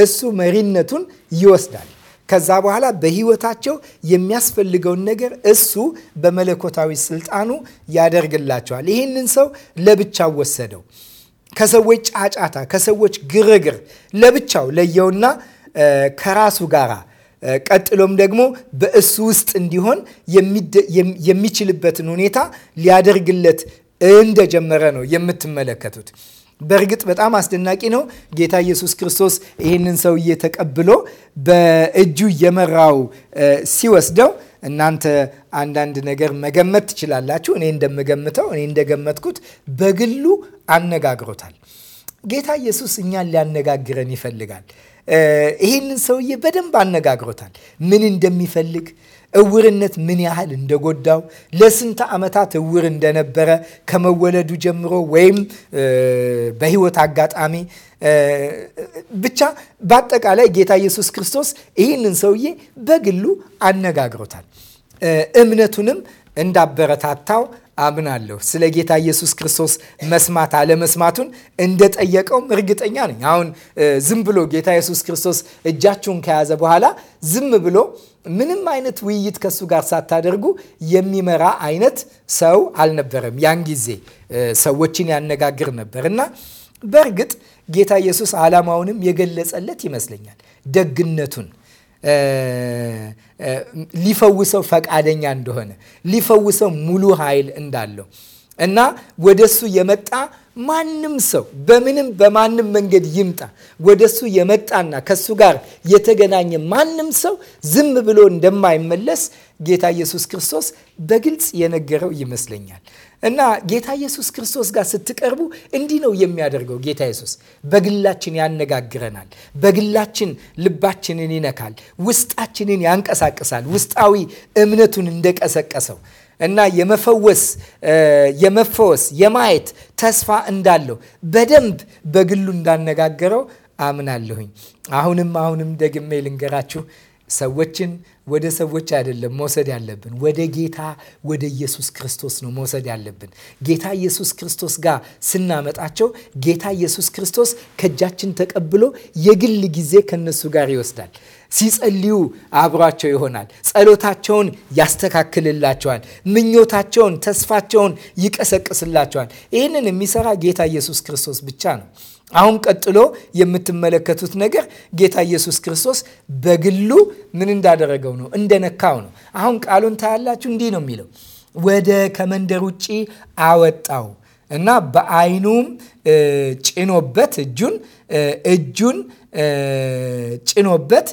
እሱ መሪነቱን ይወስዳል። ከዛ በኋላ በሕይወታቸው የሚያስፈልገውን ነገር እሱ በመለኮታዊ ስልጣኑ ያደርግላቸዋል። ይህንን ሰው ለብቻው ወሰደው። ከሰዎች ጫጫታ፣ ከሰዎች ግርግር ለብቻው ለየውና ከራሱ ጋራ ቀጥሎም ደግሞ በእሱ ውስጥ እንዲሆን የሚችልበትን ሁኔታ ሊያደርግለት እንደጀመረ ነው የምትመለከቱት። በእርግጥ በጣም አስደናቂ ነው። ጌታ ኢየሱስ ክርስቶስ ይህንን ሰውዬ ተቀብሎ በእጁ የመራው ሲወስደው እናንተ አንዳንድ ነገር መገመት ትችላላችሁ። እኔ እንደምገምተው እኔ እንደገመትኩት በግሉ አነጋግሮታል። ጌታ ኢየሱስ እኛን ሊያነጋግረን ይፈልጋል። ይህንን ሰውዬ በደንብ አነጋግሮታል። ምን እንደሚፈልግ እውርነት ምን ያህል እንደጎዳው ለስንት ዓመታት እውር እንደነበረ ከመወለዱ ጀምሮ ወይም በሕይወት አጋጣሚ ብቻ በአጠቃላይ ጌታ ኢየሱስ ክርስቶስ ይህንን ሰውዬ በግሉ አነጋግሮታል። እምነቱንም እንዳበረታታው አምናለሁ። ስለ ጌታ ኢየሱስ ክርስቶስ መስማት አለመስማቱን እንደጠየቀውም እርግጠኛ ነኝ። አሁን ዝም ብሎ ጌታ ኢየሱስ ክርስቶስ እጃችሁን ከያዘ በኋላ ዝም ብሎ ምንም አይነት ውይይት ከሱ ጋር ሳታደርጉ የሚመራ አይነት ሰው አልነበረም። ያን ጊዜ ሰዎችን ያነጋግር ነበር እና በእርግጥ ጌታ ኢየሱስ ዓላማውንም የገለጸለት ይመስለኛል ደግነቱን ሊፈውሰው ፈቃደኛ እንደሆነ ሊፈውሰው ሙሉ ኃይል እንዳለው እና ወደሱ የመጣ ማንም ሰው በምንም በማንም መንገድ ይምጣ ወደሱ የመጣና ከሱ ጋር የተገናኘ ማንም ሰው ዝም ብሎ እንደማይመለስ ጌታ ኢየሱስ ክርስቶስ በግልጽ የነገረው ይመስለኛል። እና ጌታ ኢየሱስ ክርስቶስ ጋር ስትቀርቡ እንዲህ ነው የሚያደርገው። ጌታ ኢየሱስ በግላችን ያነጋግረናል። በግላችን ልባችንን ይነካል፣ ውስጣችንን ያንቀሳቅሳል። ውስጣዊ እምነቱን እንደቀሰቀሰው እና የመፈወስ የመፈወስ የማየት ተስፋ እንዳለው በደንብ በግሉ እንዳነጋገረው አምናለሁኝ። አሁንም አሁንም ደግሜ ልንገራችሁ ሰዎችን ወደ ሰዎች አይደለም መውሰድ ያለብን፣ ወደ ጌታ ወደ ኢየሱስ ክርስቶስ ነው መውሰድ ያለብን። ጌታ ኢየሱስ ክርስቶስ ጋር ስናመጣቸው ጌታ ኢየሱስ ክርስቶስ ከእጃችን ተቀብሎ የግል ጊዜ ከነሱ ጋር ይወስዳል። ሲጸልዩ አብሯቸው ይሆናል። ጸሎታቸውን ያስተካክልላቸዋል። ምኞታቸውን፣ ተስፋቸውን ይቀሰቅስላቸዋል። ይህንን የሚሰራ ጌታ ኢየሱስ ክርስቶስ ብቻ ነው። አሁን ቀጥሎ የምትመለከቱት ነገር ጌታ ኢየሱስ ክርስቶስ በግሉ ምን እንዳደረገው ነው፣ እንደነካው ነው። አሁን ቃሉን ታያላችሁ። እንዲህ ነው የሚለው ወደ ከመንደር ውጭ አወጣው እና በዓይኑም ጭኖበት እጁን እጁን ጭኖበት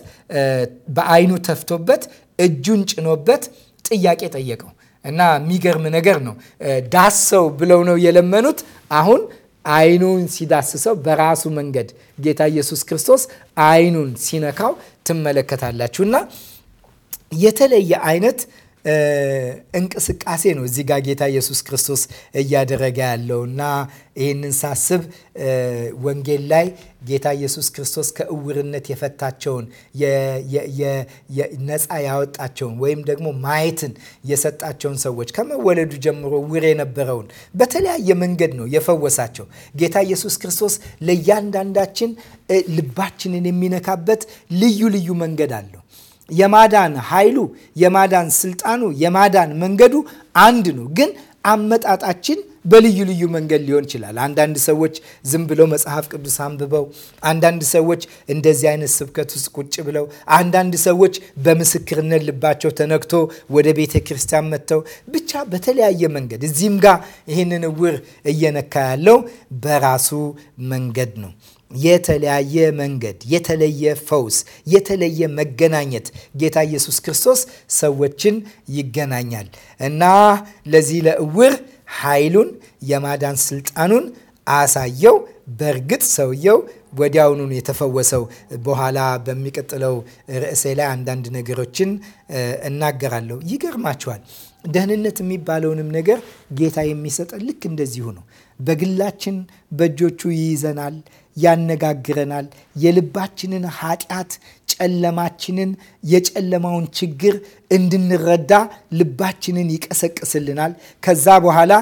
በዓይኑ ተፍቶበት እጁን ጭኖበት ጥያቄ ጠየቀው እና የሚገርም ነገር ነው። ዳሰው ብለው ነው የለመኑት አሁን አይኑን ሲዳስሰው በራሱ መንገድ ጌታ ኢየሱስ ክርስቶስ አይኑን ሲነካው ትመለከታላችሁ እና የተለየ አይነት እንቅስቃሴ ነው እዚህ ጋር ጌታ ኢየሱስ ክርስቶስ እያደረገ ያለው እና ይህንን ሳስብ ወንጌል ላይ ጌታ ኢየሱስ ክርስቶስ ከእውርነት የፈታቸውን ነፃ ያወጣቸውን ወይም ደግሞ ማየትን የሰጣቸውን ሰዎች ከመወለዱ ጀምሮ ውር የነበረውን በተለያየ መንገድ ነው የፈወሳቸው። ጌታ ኢየሱስ ክርስቶስ ለእያንዳንዳችን ልባችንን የሚነካበት ልዩ ልዩ መንገድ አለው። የማዳን ኃይሉ፣ የማዳን ስልጣኑ፣ የማዳን መንገዱ አንድ ነው። ግን አመጣጣችን በልዩ ልዩ መንገድ ሊሆን ይችላል። አንዳንድ ሰዎች ዝም ብለው መጽሐፍ ቅዱስ አንብበው፣ አንዳንድ ሰዎች እንደዚህ አይነት ስብከት ውስጥ ቁጭ ብለው፣ አንዳንድ ሰዎች በምስክርነት ልባቸው ተነክቶ ወደ ቤተ ክርስቲያን መጥተው፣ ብቻ በተለያየ መንገድ እዚህም ጋር ይህንን እውር እየነካ ያለው በራሱ መንገድ ነው። የተለያየ መንገድ፣ የተለየ ፈውስ፣ የተለየ መገናኘት ጌታ ኢየሱስ ክርስቶስ ሰዎችን ይገናኛል እና ለዚህ ለእውር ኃይሉን የማዳን ስልጣኑን አሳየው። በእርግጥ ሰውየው ወዲያውኑ የተፈወሰው። በኋላ በሚቀጥለው ርዕሴ ላይ አንዳንድ ነገሮችን እናገራለሁ። ይገርማችኋል። ደህንነት የሚባለውንም ነገር ጌታ የሚሰጠ ልክ እንደዚሁ ነው። በግላችን በእጆቹ ይይዘናል። ያነጋግረናል። የልባችንን ኃጢአት ጨለማችንን የጨለማውን ችግር እንድንረዳ ልባችንን ይቀሰቅስልናል። ከዛ በኋላ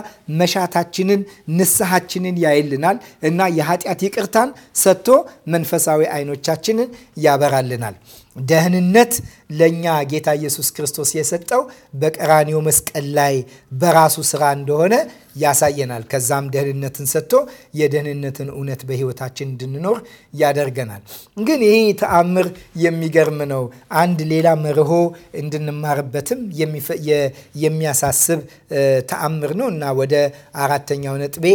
መሻታችንን፣ ንስሐችንን ያይልናል እና የኃጢአት ይቅርታን ሰጥቶ መንፈሳዊ አይኖቻችንን ያበራልናል። ደህንነት ለእኛ ጌታ ኢየሱስ ክርስቶስ የሰጠው በቀራኒው መስቀል ላይ በራሱ ስራ እንደሆነ ያሳየናል። ከዛም ደህንነትን ሰጥቶ የደህንነትን እውነት በህይወታችን እንድንኖር ያደርገናል። ግን ይህ ተአምር የሚገርም ነው። አንድ ሌላ መርሆ እንድንማርበትም የሚያሳስብ ተአምር ነው እና ወደ አራተኛው ነጥቤ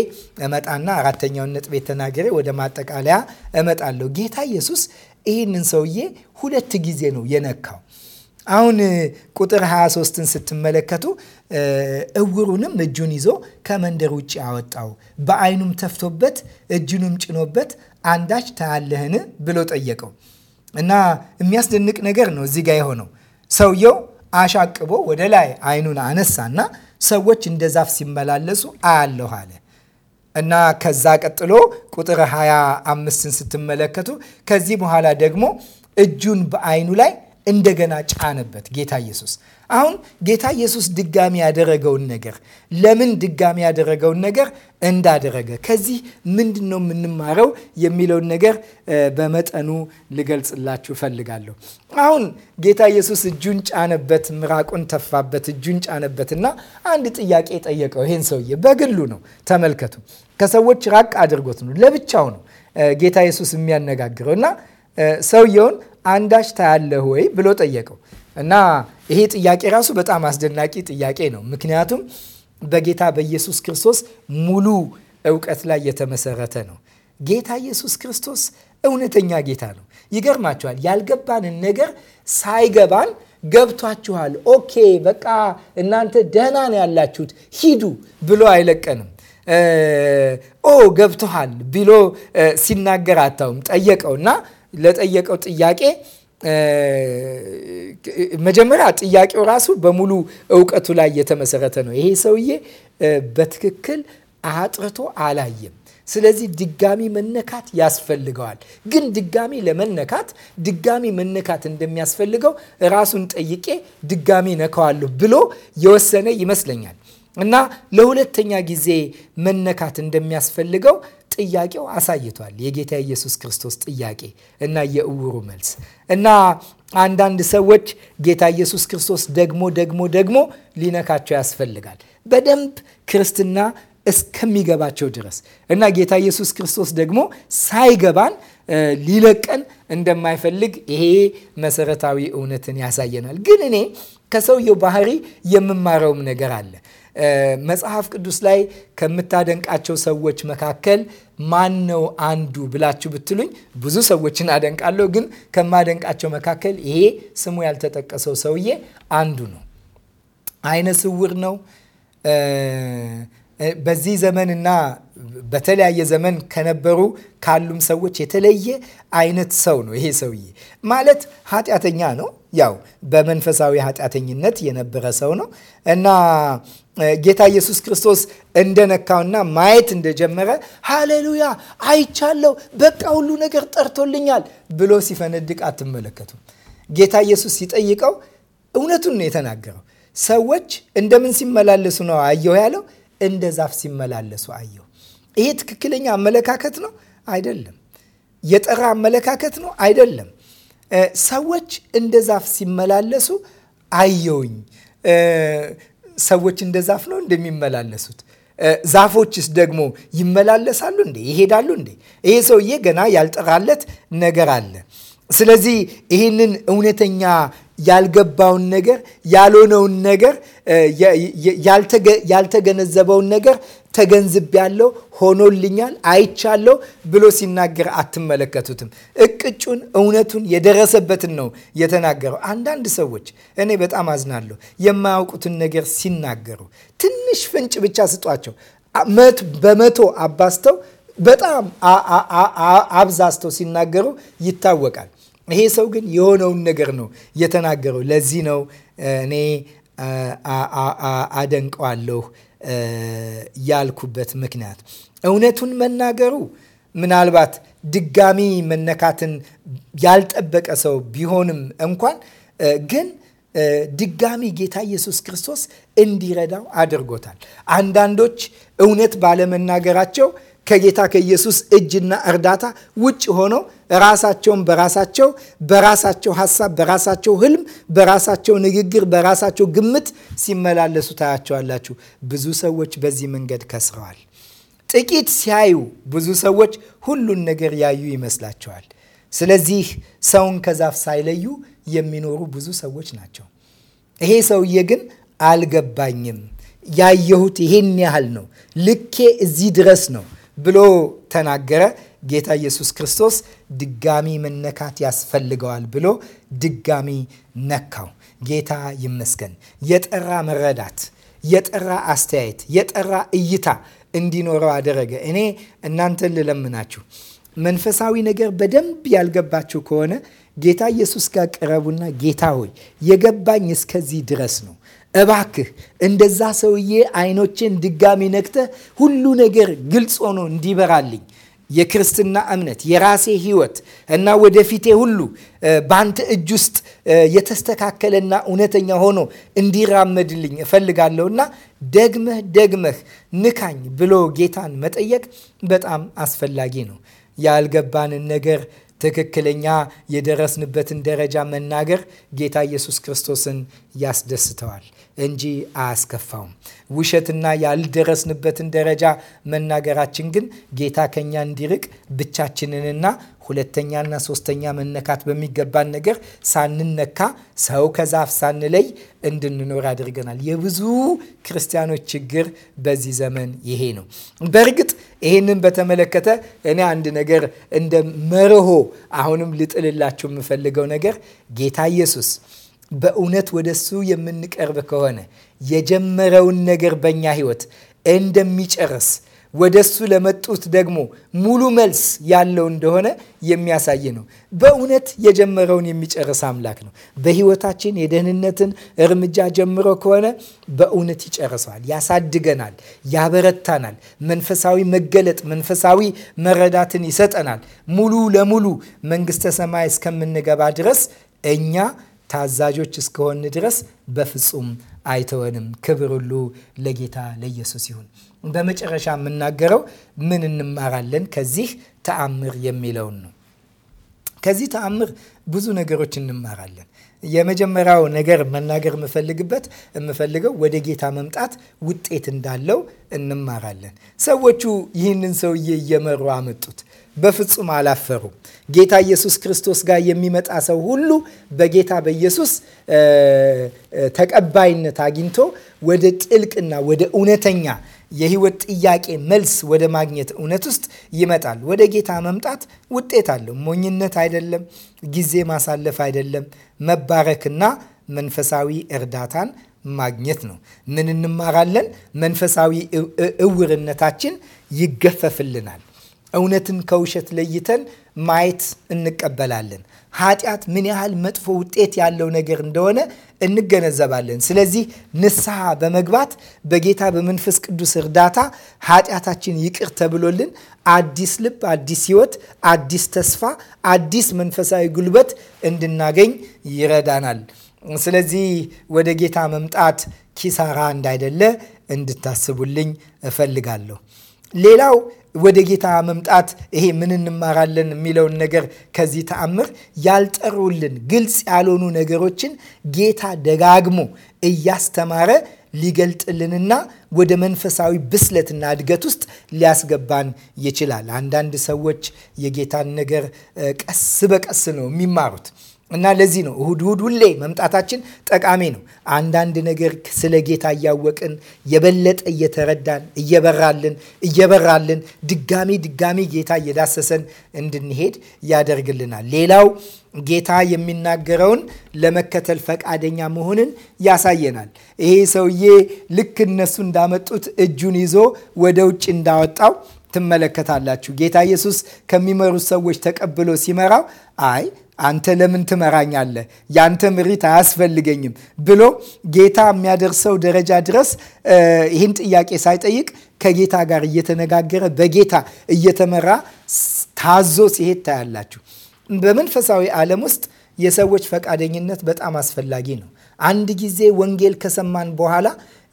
እመጣና አራተኛውን ነጥቤ ተናግሬ ወደ ማጠቃለያ እመጣለሁ። ጌታ ኢየሱስ ይህንን ሰውዬ ሁለት ጊዜ ነው የነካው። አሁን ቁጥር 23ን ስትመለከቱ እውሩንም እጁን ይዞ ከመንደር ውጭ አወጣው፣ በአይኑም ተፍቶበት እጁንም ጭኖበት አንዳች ታያለህን ብሎ ጠየቀው። እና የሚያስደንቅ ነገር ነው እዚህ ጋር የሆነው ሰውየው አሻቅቦ ወደ ላይ አይኑን አነሳና ሰዎች እንደ ዛፍ ሲመላለሱ አያለሁ አለ እና ከዛ ቀጥሎ ቁጥር 25ን ስትመለከቱ ከዚህ በኋላ ደግሞ እጁን በአይኑ ላይ እንደገና ጫነበት ጌታ ኢየሱስ። አሁን ጌታ ኢየሱስ ድጋሚ ያደረገውን ነገር ለምን ድጋሚ ያደረገውን ነገር እንዳደረገ ከዚህ ምንድን ነው የምንማረው የሚለውን ነገር በመጠኑ ልገልጽላችሁ እፈልጋለሁ። አሁን ጌታ ኢየሱስ እጁን ጫነበት፣ ምራቁን ተፋበት፣ እጁን ጫነበትና አንድ ጥያቄ ጠየቀው። ይሄን ሰውዬ በግሉ ነው፣ ተመልከቱ። ከሰዎች ራቅ አድርጎት ነው፣ ለብቻው ነው ጌታ ኢየሱስ የሚያነጋግረው እና ሰውየውን አንዳች ታያለህ ወይ ብሎ ጠየቀው እና ይሄ ጥያቄ ራሱ በጣም አስደናቂ ጥያቄ ነው ምክንያቱም በጌታ በኢየሱስ ክርስቶስ ሙሉ እውቀት ላይ የተመሰረተ ነው። ጌታ ኢየሱስ ክርስቶስ እውነተኛ ጌታ ነው። ይገርማችኋል። ያልገባንን ነገር ሳይገባን ገብቷችኋል፣ ኦኬ በቃ እናንተ ደህና ነው ያላችሁት ሂዱ ብሎ አይለቀንም። ኦ ገብቶሃል ብሎ ሲናገር አታውም። ጠየቀውና ለጠየቀው ጥያቄ መጀመሪያ ጥያቄው ራሱ በሙሉ እውቀቱ ላይ የተመሰረተ ነው። ይሄ ሰውዬ በትክክል አጥርቶ አላየም። ስለዚህ ድጋሚ መነካት ያስፈልገዋል። ግን ድጋሚ ለመነካት ድጋሚ መነካት እንደሚያስፈልገው ራሱን ጠይቄ ድጋሚ ነካዋለሁ ብሎ የወሰነ ይመስለኛል እና ለሁለተኛ ጊዜ መነካት እንደሚያስፈልገው ጥያቄው አሳይቷል። የጌታ ኢየሱስ ክርስቶስ ጥያቄ እና የእውሩ መልስ እና አንዳንድ ሰዎች ጌታ ኢየሱስ ክርስቶስ ደግሞ ደግሞ ደግሞ ሊነካቸው ያስፈልጋል በደንብ ክርስትና እስከሚገባቸው ድረስ እና ጌታ ኢየሱስ ክርስቶስ ደግሞ ሳይገባን ሊለቀን እንደማይፈልግ ይሄ መሰረታዊ እውነትን ያሳየናል። ግን እኔ ከሰውየው ባህሪ የምማረውም ነገር አለ። መጽሐፍ ቅዱስ ላይ ከምታደንቃቸው ሰዎች መካከል ማን ነው አንዱ ብላችሁ ብትሉኝ ብዙ ሰዎችን አደንቃለሁ፣ ግን ከማደንቃቸው መካከል ይሄ ስሙ ያልተጠቀሰው ሰውዬ አንዱ ነው። አይነ ስውር ነው። በዚህ ዘመንና በተለያየ ዘመን ከነበሩ ካሉም ሰዎች የተለየ አይነት ሰው ነው ይሄ ሰውዬ ማለት ኃጢአተኛ ነው ያው በመንፈሳዊ ኃጢአተኝነት የነበረ ሰው ነው እና ጌታ ኢየሱስ ክርስቶስ እንደነካውና ማየት እንደጀመረ ሃሌሉያ አይቻለሁ፣ በቃ ሁሉ ነገር ጠርቶልኛል ብሎ ሲፈነድቅ አትመለከቱም። ጌታ ኢየሱስ ሲጠይቀው እውነቱን ነው የተናገረው። ሰዎች እንደምን ሲመላለሱ ነው አየሁ ያለው? እንደ ዛፍ ሲመላለሱ አየሁ። ይሄ ትክክለኛ አመለካከት ነው አይደለም። የጠራ አመለካከት ነው አይደለም። ሰዎች እንደ ዛፍ ሲመላለሱ አየውኝ። ሰዎች እንደ ዛፍ ነው እንደሚመላለሱት? ዛፎችስ ደግሞ ይመላለሳሉ እንዴ? ይሄዳሉ እንዴ? ይሄ ሰውዬ ገና ያልጠራለት ነገር አለ። ስለዚህ ይህንን እውነተኛ ያልገባውን ነገር ያልሆነውን ነገር ያልተገነዘበውን ነገር ያለው ሆኖልኛል፣ አይቻለው ብሎ ሲናገር አትመለከቱትም። እቅጩን፣ እውነቱን፣ የደረሰበትን ነው የተናገረው። አንዳንድ ሰዎች እኔ በጣም አዝናለሁ የማያውቁትን ነገር ሲናገሩ ትንሽ ፍንጭ ብቻ ስጧቸው በመቶ አባዝተው በጣም አብዛዝተው ሲናገሩ ይታወቃል። ይሄ ሰው ግን የሆነውን ነገር ነው የተናገረው። ለዚህ ነው እኔ አደንቀዋለሁ ያልኩበት ምክንያት እውነቱን መናገሩ ምናልባት ድጋሚ መነካትን ያልጠበቀ ሰው ቢሆንም እንኳን ግን ድጋሚ ጌታ ኢየሱስ ክርስቶስ እንዲረዳው አድርጎታል። አንዳንዶች እውነት ባለመናገራቸው ከጌታ ከኢየሱስ እጅና እርዳታ ውጭ ሆነው ራሳቸውን በራሳቸው በራሳቸው ሀሳብ፣ በራሳቸው ህልም፣ በራሳቸው ንግግር፣ በራሳቸው ግምት ሲመላለሱ ታያቸዋላችሁ። ብዙ ሰዎች በዚህ መንገድ ከስረዋል። ጥቂት ሲያዩ ብዙ ሰዎች ሁሉን ነገር ያዩ ይመስላቸዋል። ስለዚህ ሰውን ከዛፍ ሳይለዩ የሚኖሩ ብዙ ሰዎች ናቸው። ይሄ ሰውዬ ግን አልገባኝም፣ ያየሁት ይሄን ያህል ነው፣ ልኬ እዚህ ድረስ ነው ብሎ ተናገረ። ጌታ ኢየሱስ ክርስቶስ ድጋሚ መነካት ያስፈልገዋል ብሎ ድጋሚ ነካው። ጌታ ይመስገን። የጠራ መረዳት፣ የጠራ አስተያየት፣ የጠራ እይታ እንዲኖረው አደረገ። እኔ እናንተን ልለምናችሁ መንፈሳዊ ነገር በደንብ ያልገባችሁ ከሆነ ጌታ ኢየሱስ ጋር ቅረቡና ጌታ ሆይ የገባኝ እስከዚህ ድረስ ነው እባክህ እንደዛ ሰውዬ አይኖቼን ድጋሚ ነክተህ ሁሉ ነገር ግልጽ ሆኖ እንዲበራልኝ የክርስትና እምነት የራሴ ህይወት እና ወደፊቴ ሁሉ በአንተ እጅ ውስጥ የተስተካከለና እውነተኛ ሆኖ እንዲራመድልኝ እፈልጋለሁና ደግመህ ደግመህ ንካኝ ብሎ ጌታን መጠየቅ በጣም አስፈላጊ ነው። ያልገባንን ነገር ትክክለኛ የደረስንበትን ደረጃ መናገር ጌታ ኢየሱስ ክርስቶስን ያስደስተዋል። እንጂ አያስከፋውም። ውሸትና ያልደረስንበትን ደረጃ መናገራችን ግን ጌታ ከኛ እንዲርቅ ብቻችንንና ሁለተኛና ሶስተኛ መነካት በሚገባን ነገር ሳንነካ ሰው ከዛፍ ሳንለይ እንድንኖር ያደርገናል። የብዙ ክርስቲያኖች ችግር በዚህ ዘመን ይሄ ነው። በእርግጥ ይሄንን በተመለከተ እኔ አንድ ነገር እንደ መርሆ አሁንም ልጥልላችሁ የምፈልገው ነገር ጌታ ኢየሱስ በእውነት ወደ እሱ የምንቀርብ ከሆነ የጀመረውን ነገር በእኛ ህይወት እንደሚጨርስ ወደ እሱ ለመጡት ደግሞ ሙሉ መልስ ያለው እንደሆነ የሚያሳይ ነው። በእውነት የጀመረውን የሚጨርስ አምላክ ነው። በህይወታችን የደህንነትን እርምጃ ጀምሮ ከሆነ በእውነት ይጨርሰዋል፣ ያሳድገናል፣ ያበረታናል፣ መንፈሳዊ መገለጥ፣ መንፈሳዊ መረዳትን ይሰጠናል። ሙሉ ለሙሉ መንግስተ ሰማይ እስከምንገባ ድረስ እኛ ታዛዦች እስከሆን ድረስ በፍጹም አይተወንም። ክብር ሁሉ ለጌታ ለኢየሱስ ይሁን። በመጨረሻ የምናገረው ምን እንማራለን ከዚህ ተአምር የሚለውን ነው። ከዚህ ተአምር ብዙ ነገሮች እንማራለን። የመጀመሪያው ነገር መናገር የምፈልግበት የምፈልገው ወደ ጌታ መምጣት ውጤት እንዳለው እንማራለን። ሰዎቹ ይህንን ሰውዬ እየመሩ አመጡት። በፍጹም አላፈሩ ጌታ ኢየሱስ ክርስቶስ ጋር የሚመጣ ሰው ሁሉ በጌታ በኢየሱስ ተቀባይነት አግኝቶ ወደ ጥልቅና ወደ እውነተኛ የህይወት ጥያቄ መልስ ወደ ማግኘት እውነት ውስጥ ይመጣል። ወደ ጌታ መምጣት ውጤት አለው። ሞኝነት አይደለም፣ ጊዜ ማሳለፍ አይደለም፣ መባረክና መንፈሳዊ እርዳታን ማግኘት ነው። ምን እንማራለን? መንፈሳዊ እውርነታችን ይገፈፍልናል። እውነትን ከውሸት ለይተን ማየት እንቀበላለን። ኃጢአት ምን ያህል መጥፎ ውጤት ያለው ነገር እንደሆነ እንገነዘባለን። ስለዚህ ንስሐ በመግባት በጌታ በመንፈስ ቅዱስ እርዳታ ኃጢአታችን ይቅር ተብሎልን አዲስ ልብ፣ አዲስ ህይወት አዲስ ተስፋ፣ አዲስ መንፈሳዊ ጉልበት እንድናገኝ ይረዳናል። ስለዚህ ወደ ጌታ መምጣት ኪሳራ እንዳይደለ እንድታስቡልኝ እፈልጋለሁ። ሌላው ወደ ጌታ መምጣት ይሄ ምን እንማራለን የሚለውን ነገር ከዚህ ተአምር ያልጠሩልን ግልጽ ያልሆኑ ነገሮችን ጌታ ደጋግሞ እያስተማረ ሊገልጥልንና ወደ መንፈሳዊ ብስለትና እድገት ውስጥ ሊያስገባን ይችላል። አንዳንድ ሰዎች የጌታን ነገር ቀስ በቀስ ነው የሚማሩት። እና ለዚህ ነው እሁድ እሁድ ሁሌ መምጣታችን ጠቃሚ ነው። አንዳንድ ነገር ስለ ጌታ እያወቅን የበለጠ እየተረዳን እየበራልን እየበራልን ድጋሚ ድጋሚ ጌታ እየዳሰሰን እንድንሄድ ያደርግልናል። ሌላው ጌታ የሚናገረውን ለመከተል ፈቃደኛ መሆንን ያሳየናል። ይሄ ሰውዬ ልክ እነሱ እንዳመጡት እጁን ይዞ ወደ ውጭ እንዳወጣው ትመለከታላችሁ። ጌታ ኢየሱስ ከሚመሩት ሰዎች ተቀብሎ ሲመራው አይ አንተ ለምን ትመራኛለህ? ያንተ ምሪት አያስፈልገኝም ብሎ ጌታ የሚያደርሰው ደረጃ ድረስ ይህን ጥያቄ ሳይጠይቅ ከጌታ ጋር እየተነጋገረ በጌታ እየተመራ ታዞ ሲሄድ ታያላችሁ። በመንፈሳዊ ዓለም ውስጥ የሰዎች ፈቃደኝነት በጣም አስፈላጊ ነው። አንድ ጊዜ ወንጌል ከሰማን በኋላ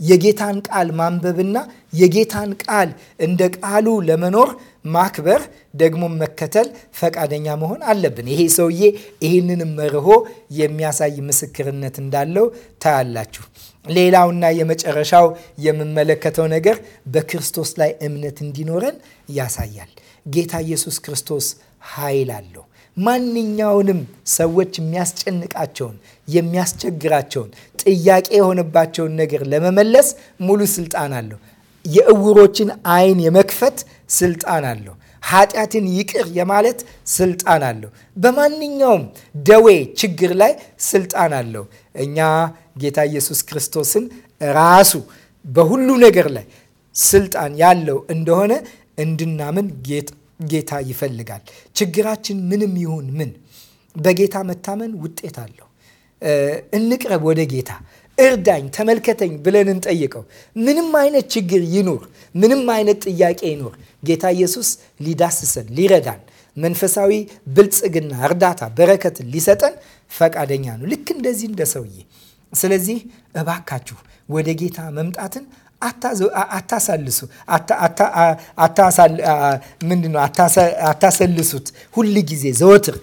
የጌታን ቃል ማንበብና የጌታን ቃል እንደ ቃሉ ለመኖር ማክበር ደግሞ መከተል ፈቃደኛ መሆን አለብን። ይሄ ሰውዬ ይህንንም መርሆ የሚያሳይ ምስክርነት እንዳለው ታያላችሁ። ሌላውና የመጨረሻው የምመለከተው ነገር በክርስቶስ ላይ እምነት እንዲኖረን ያሳያል። ጌታ ኢየሱስ ክርስቶስ ኃይል አለው። ማንኛውንም ሰዎች የሚያስጨንቃቸውን፣ የሚያስቸግራቸውን፣ ጥያቄ የሆነባቸውን ነገር ለመመለስ ሙሉ ስልጣን አለው። የእውሮችን አይን የመክፈት ስልጣን አለው። ኃጢአትን ይቅር የማለት ስልጣን አለው። በማንኛውም ደዌ ችግር ላይ ስልጣን አለው። እኛ ጌታ ኢየሱስ ክርስቶስን ራሱ በሁሉ ነገር ላይ ስልጣን ያለው እንደሆነ እንድናምን ጌታ ይፈልጋል። ችግራችን ምንም ይሁን ምን በጌታ መታመን ውጤት አለው። እንቅረብ ወደ ጌታ እርዳኝ፣ ተመልከተኝ ብለን እንጠይቀው። ምንም አይነት ችግር ይኑር፣ ምንም አይነት ጥያቄ ይኑር፣ ጌታ ኢየሱስ ሊዳስሰን፣ ሊረዳን፣ መንፈሳዊ ብልጽግና፣ እርዳታ፣ በረከትን ሊሰጠን ፈቃደኛ ነው። ልክ እንደዚህ እንደ ሰውዬ። ስለዚህ እባካችሁ ወደ ጌታ መምጣትን አታሳልሱ ምንድን ነው አታሰልሱት። ሁል ጊዜ ዘወትር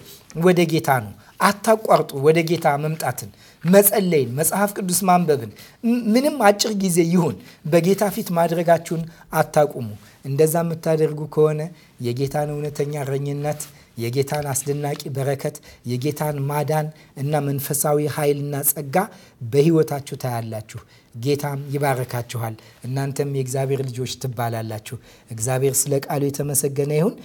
ወደ ጌታ ነው። አታቋርጡ ወደ ጌታ መምጣትን መጸለይን፣ መጽሐፍ ቅዱስ ማንበብን፣ ምንም አጭር ጊዜ ይሁን በጌታ ፊት ማድረጋችሁን አታቁሙ። እንደዛ የምታደርጉ ከሆነ የጌታን እውነተኛ እረኝነት፣ የጌታን አስደናቂ በረከት፣ የጌታን ማዳን እና መንፈሳዊ ኃይልና ጸጋ በህይወታችሁ ታያላችሁ። ጌታም ይባረካችኋል። እናንተም የእግዚአብሔር ልጆች ትባላላችሁ። እግዚአብሔር ስለ ቃሉ የተመሰገነ ይሁን።